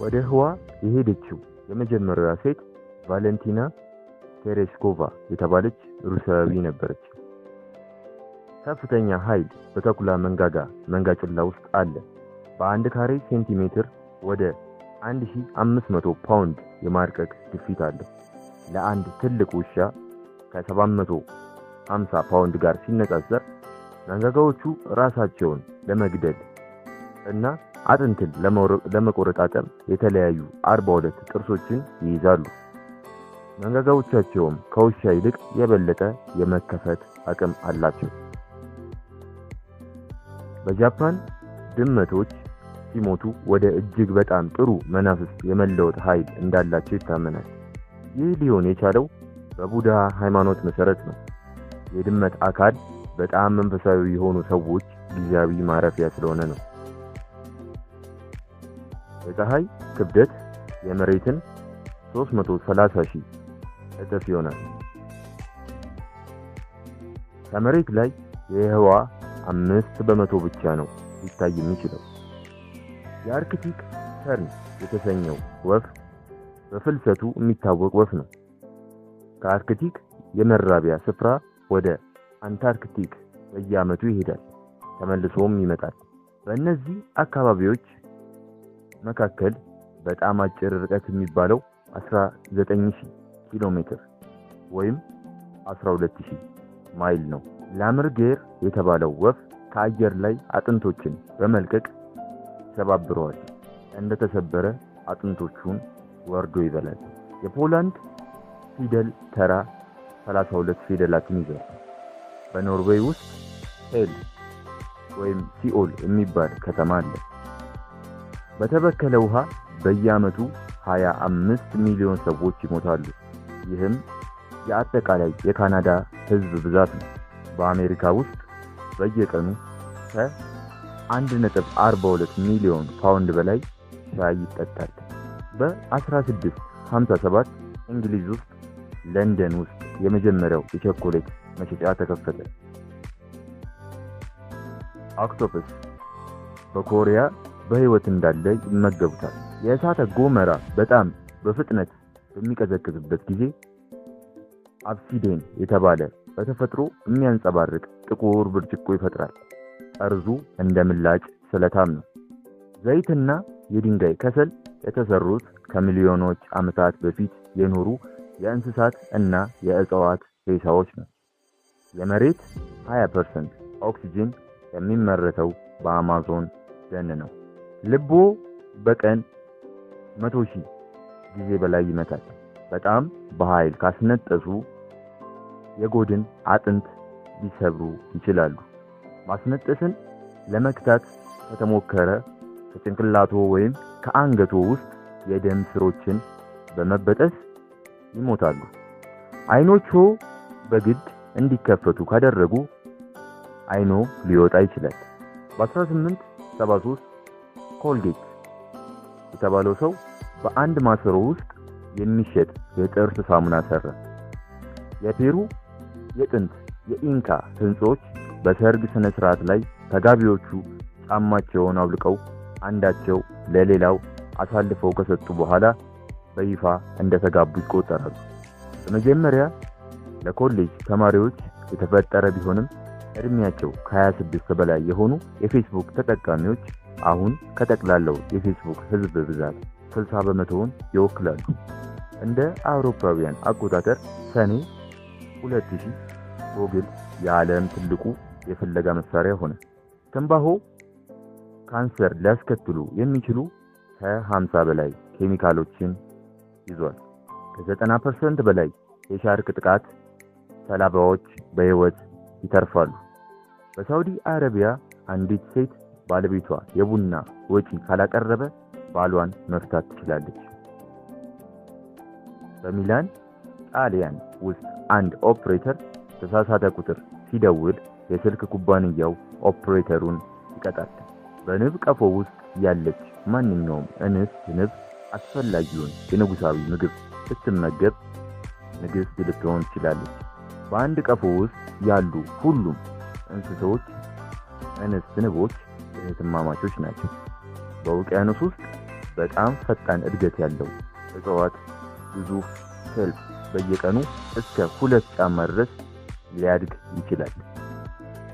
ወደ ህዋ የሄደችው የመጀመሪያዋ ሴት ቫለንቲና ቴሬስኮቫ የተባለች ሩሲያዊ ነበረች። ከፍተኛ ኃይል በተኩላ መንጋጋ መንጋጭላ ውስጥ አለ። በአንድ ካሬ ሴንቲሜትር ወደ 1500 ፓውንድ የማርቀቅ ግፊት አለው። ለአንድ ትልቅ ውሻ ከ750 ፓውንድ ጋር ሲነጻጸር መንጋጋዎቹ ራሳቸውን ለመግደል እና አጥንትን ለመቆረጣጠም የተለያዩ አርባ ሁለት ጥርሶችን ይይዛሉ። መንጋጋዎቻቸውም ከውሻ ይልቅ የበለጠ የመከፈት አቅም አላቸው። በጃፓን ድመቶች ሲሞቱ ወደ እጅግ በጣም ጥሩ መናፍስት የመለወጥ ኃይል እንዳላቸው ይታመናል። ይህ ሊሆን የቻለው በቡድሃ ሃይማኖት መሠረት ነው። የድመት አካል በጣም መንፈሳዊ የሆኑ ሰዎች ጊዜያዊ ማረፊያ ስለሆነ ነው። የፀሐይ ክብደት የመሬትን 330 ሺህ እጥፍ ይሆናል። ከመሬት ላይ የህዋ አምስት በመቶ ብቻ ነው ሊታይ የሚችለው። የአርክቲክ ተርን የተሰኘው ወፍ በፍልሰቱ የሚታወቅ ወፍ ነው። ከአርክቲክ የመራቢያ ስፍራ ወደ አንታርክቲክ በየዓመቱ ይሄዳል፣ ተመልሶም ይመጣል። በእነዚህ አካባቢዎች መካከል በጣም አጭር ርቀት የሚባለው 19000 ኪሎ ሜትር ወይም 12000 ማይል ነው። ላምርጌር የተባለው ወፍ ከአየር ላይ አጥንቶችን በመልቀቅ ሰባብረዋል። እንደተሰበረ አጥንቶቹን ወርዶ ይበላል። የፖላንድ ፊደል ተራ 32 ፊደላትን ይዟል። በኖርዌይ ውስጥ ሄል ወይም ሲኦል የሚባል ከተማ አለ። በተበከለ ውሃ በየዓመቱ 25 ሚሊዮን ሰዎች ይሞታሉ። ይህም የአጠቃላይ የካናዳ ሕዝብ ብዛት ነው። በአሜሪካ ውስጥ በየቀኑ ከ1.42 ሚሊዮን ፓውንድ በላይ ሻይ ይጠጣል። በ1657 እንግሊዝ ውስጥ ለንደን ውስጥ የመጀመሪያው የቸኮሌት መሸጫ ተከፈተ። ኦክቶፐስ በኮሪያ በህይወት እንዳለ ይመገቡታል። የእሳተ ጎመራ በጣም በፍጥነት በሚቀዘቅዝበት ጊዜ አብሲዴን የተባለ በተፈጥሮ የሚያንጸባርቅ ጥቁር ብርጭቆ ይፈጥራል። ጠርዙ እንደ ምላጭ ስለታም ነው። ዘይትና የድንጋይ ከሰል የተሰሩት ከሚሊዮኖች ዓመታት በፊት የኖሩ የእንስሳት እና የእጽዋት ሬሳዎች ነው። የመሬት 20% ኦክሲጅን የሚመረተው በአማዞን ደን ነው። ልቦ በቀን መቶ ሺህ ጊዜ በላይ ይመታል። በጣም በኃይል ካስነጠሱ የጎድን አጥንት ሊሰብሩ ይችላሉ። ማስነጠስን ለመክታት ከተሞከረ ከጭንቅላቶ ወይም ከአንገቶ ውስጥ የደም ስሮችን በመበጠስ ይሞታሉ። አይኖቹ በግድ እንዲከፈቱ ካደረጉ አይኖ ሊወጣ ይችላል። በ1873 ኮልጌት የተባለው ሰው በአንድ ማሰሮ ውስጥ የሚሸጥ የጥርስ ሳሙና ሰራ። የፔሩ የጥንት የኢንካ ሕንፃዎች በሰርግ ስነ ስርዓት ላይ ተጋቢዎቹ ጫማቸውን አውልቀው አንዳቸው ለሌላው አሳልፈው ከሰጡ በኋላ በይፋ እንደተጋቡ ይቆጠራሉ። በመጀመሪያ ለኮሌጅ ተማሪዎች የተፈጠረ ቢሆንም እድሜያቸው ከ26 በላይ የሆኑ የፌስቡክ ተጠቃሚዎች አሁን ከጠቅላላው የፌስቡክ ህዝብ ብዛት 60 በመቶውን ይወክላሉ። እንደ አውሮፓውያን አቆጣጠር ሰኔ 2000 ጎግል የዓለም ትልቁ የፍለጋ መሳሪያ ሆነ። ትንባሆ ካንሰር ሊያስከትሉ የሚችሉ ከ50 በላይ ኬሚካሎችን ይዟል። ከ90% በላይ የሻርክ ጥቃት ሰላባዎች በህይወት ይተርፋሉ። በሳውዲ አረቢያ አንዲት ሴት ባለቤቷ የቡና ወጪ ካላቀረበ ባሏን መፍታት ትችላለች። በሚላን ጣሊያን ውስጥ አንድ ኦፕሬተር ተሳሳተ ቁጥር ሲደውል የስልክ ኩባንያው ኦፕሬተሩን ይቀጣል። በንብ ቀፎ ውስጥ ያለች ማንኛውም እንስት ንብ አስፈላጊውን የንጉሳዊ ምግብ ስትመገብ ንግሥት ልትሆን ትችላለች። በአንድ ቀፎ ውስጥ ያሉ ሁሉም እንስሶች እንስት ንቦች እህትማማቾች ናቸው። በውቅያኖስ ውስጥ በጣም ፈጣን እድገት ያለው እጽዋት ግዙፍ ክልፍ በየቀኑ እስከ ሁለት ጫማ ድረስ ሊያድግ ይችላል።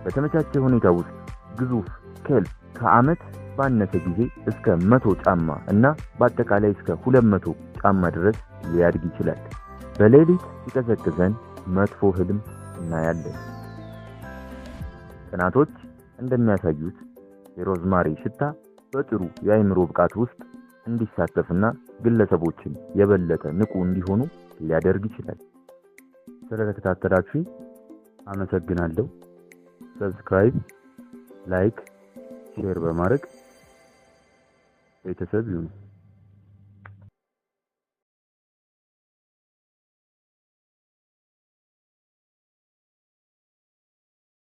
በተመቻቸ ሁኔታ ውስጥ ግዙፍ ከልብ ከአመት ባነሰ ጊዜ እስከ መቶ ጫማ እና በአጠቃላይ እስከ ሁለት መቶ ጫማ ድረስ ሊያድግ ይችላል። በሌሊት ሲቀሰቅሰን መጥፎ ህልም እናያለን። ጥናቶች እንደሚያሳዩት የሮዝማሪ ሽታ በጥሩ የአይምሮ ብቃት ውስጥ እንዲሳተፍና ግለሰቦችን የበለጠ ንቁ እንዲሆኑ ሊያደርግ ይችላል። ስለተከታተላችሁ አመሰግናለሁ። ሰብስክራይብ፣ ላይክ፣ ሼር በማድረግ ቤተሰብ ይሁኑ።